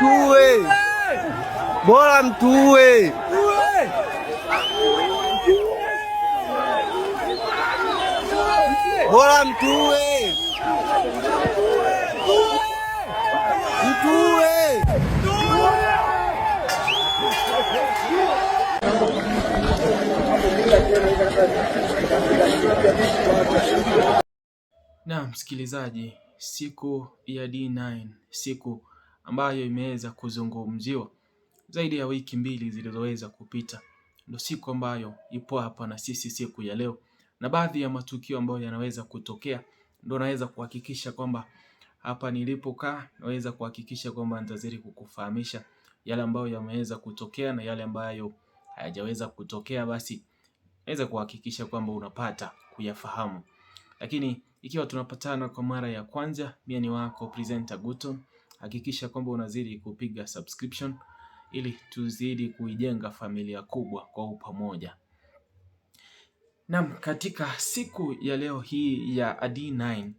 mtuue, bora mtuue. Bora mtuue. Mtuue. Na msikilizaji, siku ya D9, siku ambayo imeweza kuzungumziwa zaidi ya wiki mbili zilizoweza kupita. Ndio siku ambayo ipo hapa na sisi siku ya leo, na baadhi ya matukio ambayo yanaweza kutokea ndio naweza kuhakikisha kwamba hapa nilipokaa naweza kuhakikisha kwamba nitazidi kukufahamisha yale ambayo yameweza kutokea na yale ambayo hayajaweza kutokea, basi naweza kuhakikisha kwamba unapata kuyafahamu. Lakini ikiwa tunapatana kwa mara ya kwanza, mimi ni wako presenter Guton hakikisha kwamba unazidi kupiga subscription ili tuzidi kuijenga familia kubwa kwa upamoja Naam, katika siku ya leo hii ya D9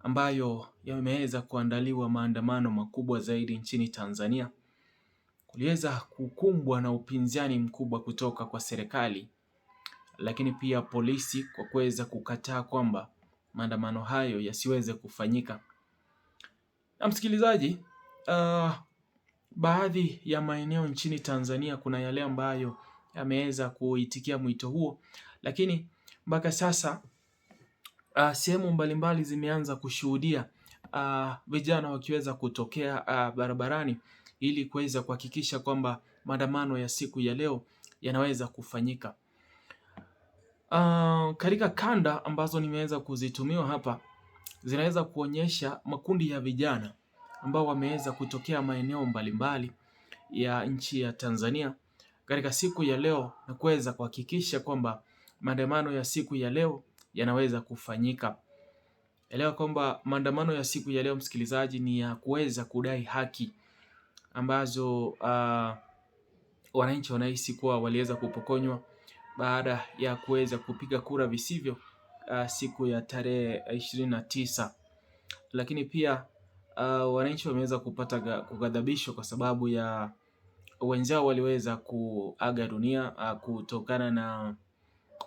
ambayo yameweza kuandaliwa maandamano makubwa zaidi nchini Tanzania, kuliweza kukumbwa na upinzani mkubwa kutoka kwa serikali, lakini pia polisi kwa kuweza kukataa kwamba maandamano hayo yasiweze kufanyika. Na ah, msikilizaji, uh, baadhi ya maeneo nchini Tanzania kuna yale ambayo yameweza kuitikia mwito huo, lakini mpaka sasa uh, sehemu mbalimbali zimeanza kushuhudia uh, vijana wakiweza kutokea uh, barabarani ili kuweza kuhakikisha kwamba maandamano ya siku ya leo yanaweza kufanyika. Uh, katika kanda ambazo nimeweza kuzitumiwa hapa zinaweza kuonyesha makundi ya vijana ambao wameweza kutokea maeneo mbalimbali ya nchi ya Tanzania katika siku ya leo na kuweza kuhakikisha kwamba maandamano ya siku ya leo yanaweza kufanyika. Elewa kwamba maandamano ya siku ya leo msikilizaji, ni ya kuweza kudai haki ambazo uh, wananchi wanahisi kuwa waliweza kupokonywa baada ya kuweza kupiga kura visivyo uh, siku ya tarehe ishirini na tisa. Lakini pia uh, wananchi wameweza kupata kughadhabishwa kwa sababu ya wenzao waliweza kuaga dunia uh, kutokana na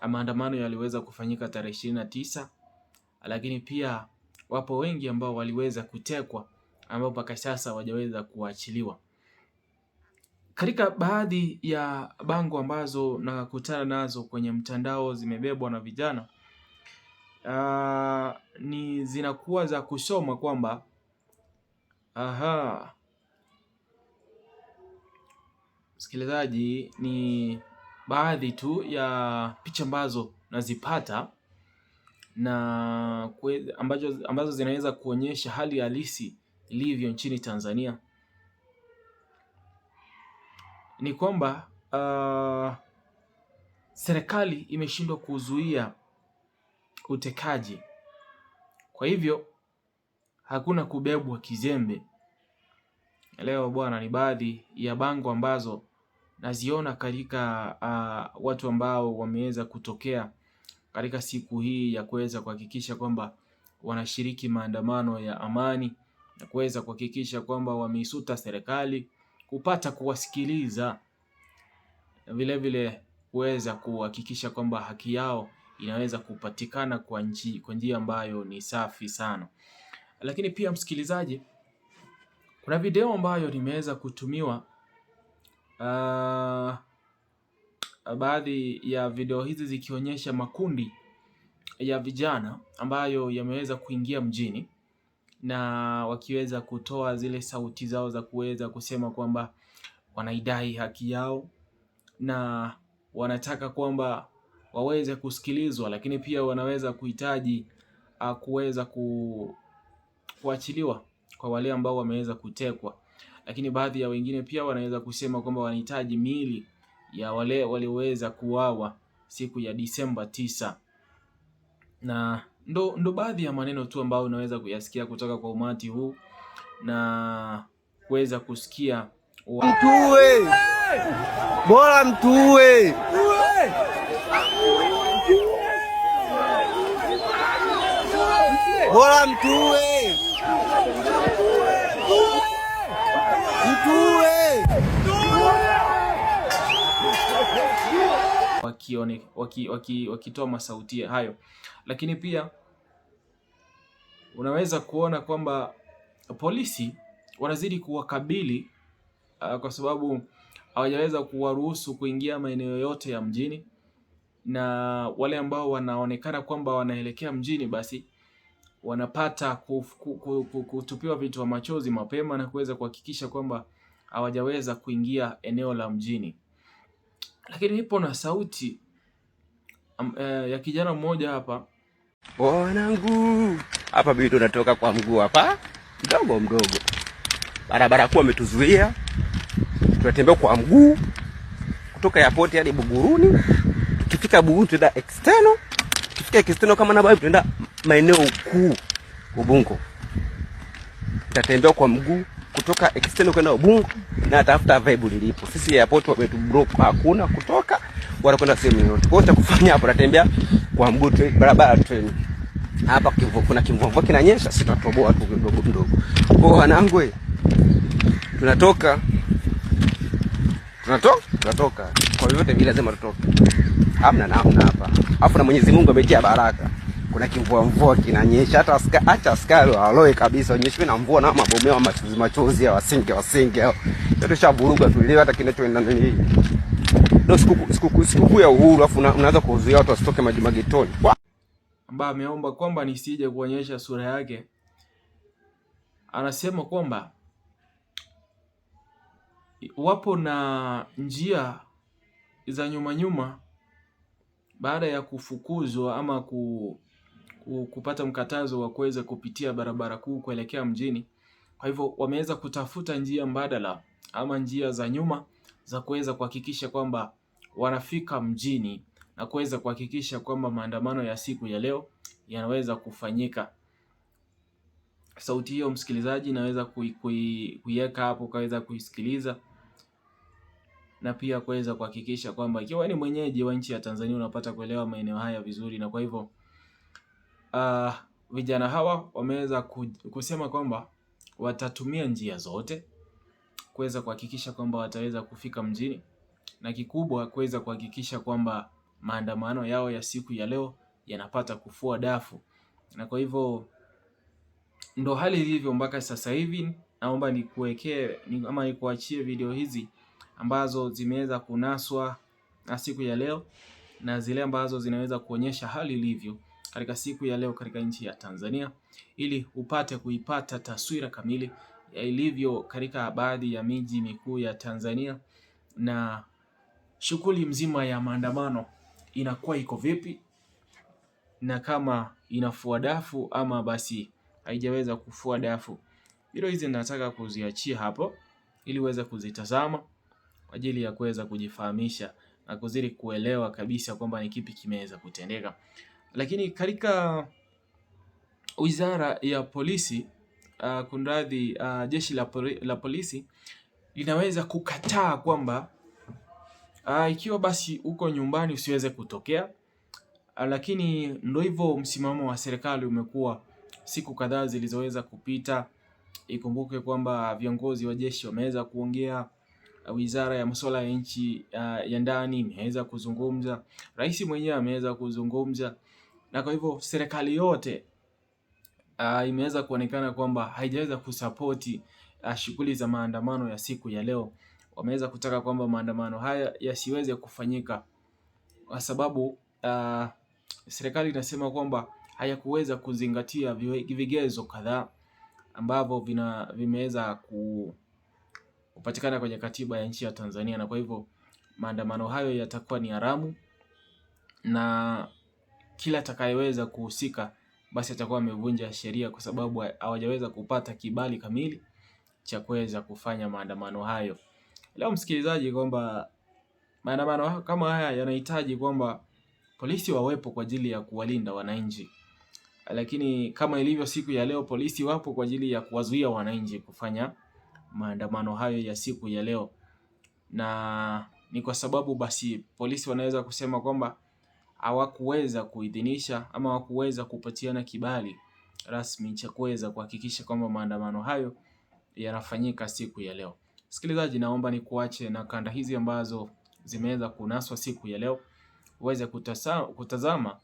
maandamano yaliweza kufanyika tarehe ishirini na tisa, lakini pia wapo wengi ambao waliweza kutekwa ambao mpaka sasa wajaweza kuachiliwa. Katika baadhi ya bango ambazo nakutana nazo kwenye mtandao zimebebwa na vijana, uh, ni zinakuwa za kusoma kwamba aha, msikilizaji, ni baadhi tu ya picha ambazo nazipata na kwe, ambazo, ambazo zinaweza kuonyesha hali halisi ilivyo nchini Tanzania ni kwamba uh, serikali imeshindwa kuzuia utekaji. Kwa hivyo hakuna kubebwa kizembe. Leo bwana, ni baadhi ya bango ambazo naziona katika uh, watu ambao wameweza kutokea katika siku hii ya kuweza kuhakikisha kwamba wanashiriki maandamano ya amani na kuweza kuhakikisha kwamba wameisuta serikali, kupata kuwasikiliza, vilevile kuweza kuhakikisha kwamba haki yao inaweza kupatikana kwa njia kwa njia ambayo ni safi sana. Lakini pia msikilizaji, kuna video ambayo nimeweza kutumiwa uh, baadhi ya video hizi zikionyesha makundi ya vijana ambayo yameweza kuingia mjini na wakiweza kutoa zile sauti zao za kuweza kusema kwamba wanaidai haki yao na wanataka kwamba waweze kusikilizwa, lakini pia wanaweza kuhitaji ah, kuweza ku, kuachiliwa kwa wale ambao wameweza kutekwa, lakini baadhi ya wengine pia wanaweza kusema kwamba wanahitaji miili ya wale walioweza kuuawa siku ya Disemba tisa na ndo, ndo baadhi ya maneno tu ambayo unaweza kuyasikia kutoka kwa umati huu na kuweza kusikia mtuwe, bora mtuwe Bora mtuwe, mtuwe wakione wakitoa waki masauti hayo, lakini pia unaweza kuona kwamba polisi wanazidi kuwakabili uh, kwa sababu hawajaweza kuwaruhusu kuingia maeneo yote ya mjini na wale ambao wanaonekana kwamba wanaelekea mjini basi wanapata kutupiwa vya machozi mapema na kuweza kuhakikisha kwamba hawajaweza kuingia eneo la mjini. Lakini nipo na sauti um, eh, ya kijana mmoja hapa, wanangu hapa bidi tunatoka kwa mguu hapa mdogo mdogo, barabara kuu ametuzuia, tunatembea kwa mguu kutoka yapoti hadi Buguruni tukifika Bugu tuenda external, tukifika external kama na tuenda maeneo kuu Ubungo, tatembea kwa mguu kutoka external kwenda Ubungo na tafuta vibe lilipo. Sisi airport wetu block hakuna kutoka wala kwenda sehemu yoyote. Kwa hiyo kufanya hapo natembea kwa mguu tu barabara train. Hapa kimvua kuna kimvua mvua kinanyesha sitatoboa tu kidogo kidogo. Kwa wanangu tunatoka tunatoka tunatoka kwa vyovyote vile lazima tutoke, hamna na hamna hapa. Afu na Mwenyezi Mungu ametia baraka, kuna kimvua mvua kinanyesha, hata aska acha askari waloe kabisa, onyeshwe na mvua na mabomeo machozi machozi, ya wasinge wasinge Yote shaburuga tu ile hata kinachoenda nini ndio sikukuu siku ya uhuru, afu unaanza kuzuia watu wasitoke magetoni, ambaye ameomba kwamba nisije kuonyesha sura yake. Anasema kwamba wapo na njia za nyuma nyuma baada ya kufukuzwa ama ku, ku, kupata mkatazo wa kuweza kupitia barabara kuu kuelekea mjini. Kwa hivyo wameweza kutafuta njia mbadala ama njia za nyuma za kuweza kuhakikisha kwamba wanafika mjini na kuweza kuhakikisha kwamba maandamano ya siku ya leo yanaweza kufanyika. Sauti hiyo msikilizaji, naweza kuiweka hapo ukaweza kuisikiliza na pia kuweza kuhakikisha kwamba ikiwa ni mwenyeji wa nchi ya Tanzania unapata kuelewa maeneo haya vizuri, na kwa hivyo uh, vijana hawa wameweza kusema kwamba watatumia njia zote kuweza kuhakikisha kwamba wataweza kufika mjini, na kikubwa kuweza kuhakikisha kwamba maandamano yao ya siku ya leo yanapata kufua dafu, na kwa hivyo ndo hali ilivyo mpaka sasa hivi. Naomba nikuwekee ama nikuachie video hizi ambazo zimeweza kunaswa na siku ya leo na zile ambazo zinaweza kuonyesha hali ilivyo katika siku ya leo katika nchi ya Tanzania ili upate kuipata taswira kamili ya ilivyo katika baadhi ya miji mikuu ya Tanzania na shughuli mzima ya maandamano inakuwa iko vipi na kama inafua dafu ama basi haijaweza kufua dafu. Video hizi nataka kuziachia hapo ili uweze kuzitazama kwa ajili ya kuweza kujifahamisha na kuzidi kuelewa kabisa kwamba ni kipi kimeweza kutendeka. Lakini katika wizara ya polisi uh, kunradhi uh, jeshi la, poli, la polisi linaweza kukataa kwamba uh, ikiwa basi uko nyumbani usiweze kutokea uh, lakini ndio hivyo msimamo wa serikali umekuwa siku kadhaa zilizoweza kupita. Ikumbuke kwamba viongozi wa jeshi wameweza kuongea Uh, wizara ya masuala ya nchi uh, ya ndani imeweza kuzungumza, rais mwenyewe ameweza kuzungumza, na kwa hivyo serikali yote uh, imeweza kuonekana kwamba haijaweza kusapoti uh, shughuli za maandamano ya siku ya leo. Wameweza kutaka kwamba maandamano haya yasiweze kufanyika kwa sababu uh, serikali inasema kwamba hayakuweza kuzingatia vigezo kadhaa ambavyo vina vimeweza ku upatikana kwenye katiba ya nchi ya Tanzania, na kwa hivyo maandamano hayo yatakuwa ni haramu na kila atakayeweza kuhusika basi atakuwa amevunja sheria, kwa sababu hawajaweza kupata kibali kamili cha kuweza kufanya maandamano hayo. Leo msikilizaji, kwamba maandamano kama haya yanahitaji kwamba polisi wawepo kwa ajili ya kuwalinda wananchi, lakini kama ilivyo siku ya leo, polisi wapo kwa ajili ya kuwazuia wananchi kufanya maandamano hayo ya siku ya leo, na ni kwa sababu basi polisi wanaweza kusema kwamba hawakuweza kuidhinisha ama hawakuweza kupatiana kibali rasmi cha kuweza kuhakikisha kwamba maandamano hayo yanafanyika siku ya leo. Msikilizaji, naomba ni kuache na kanda hizi ambazo zimeweza kunaswa siku ya leo, uweze kutazama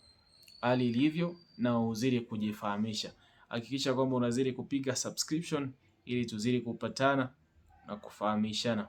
hali ilivyo na uzidi kujifahamisha. Hakikisha kwamba unazidi kupiga subscription ili tuzidi kupatana na kufahamishana.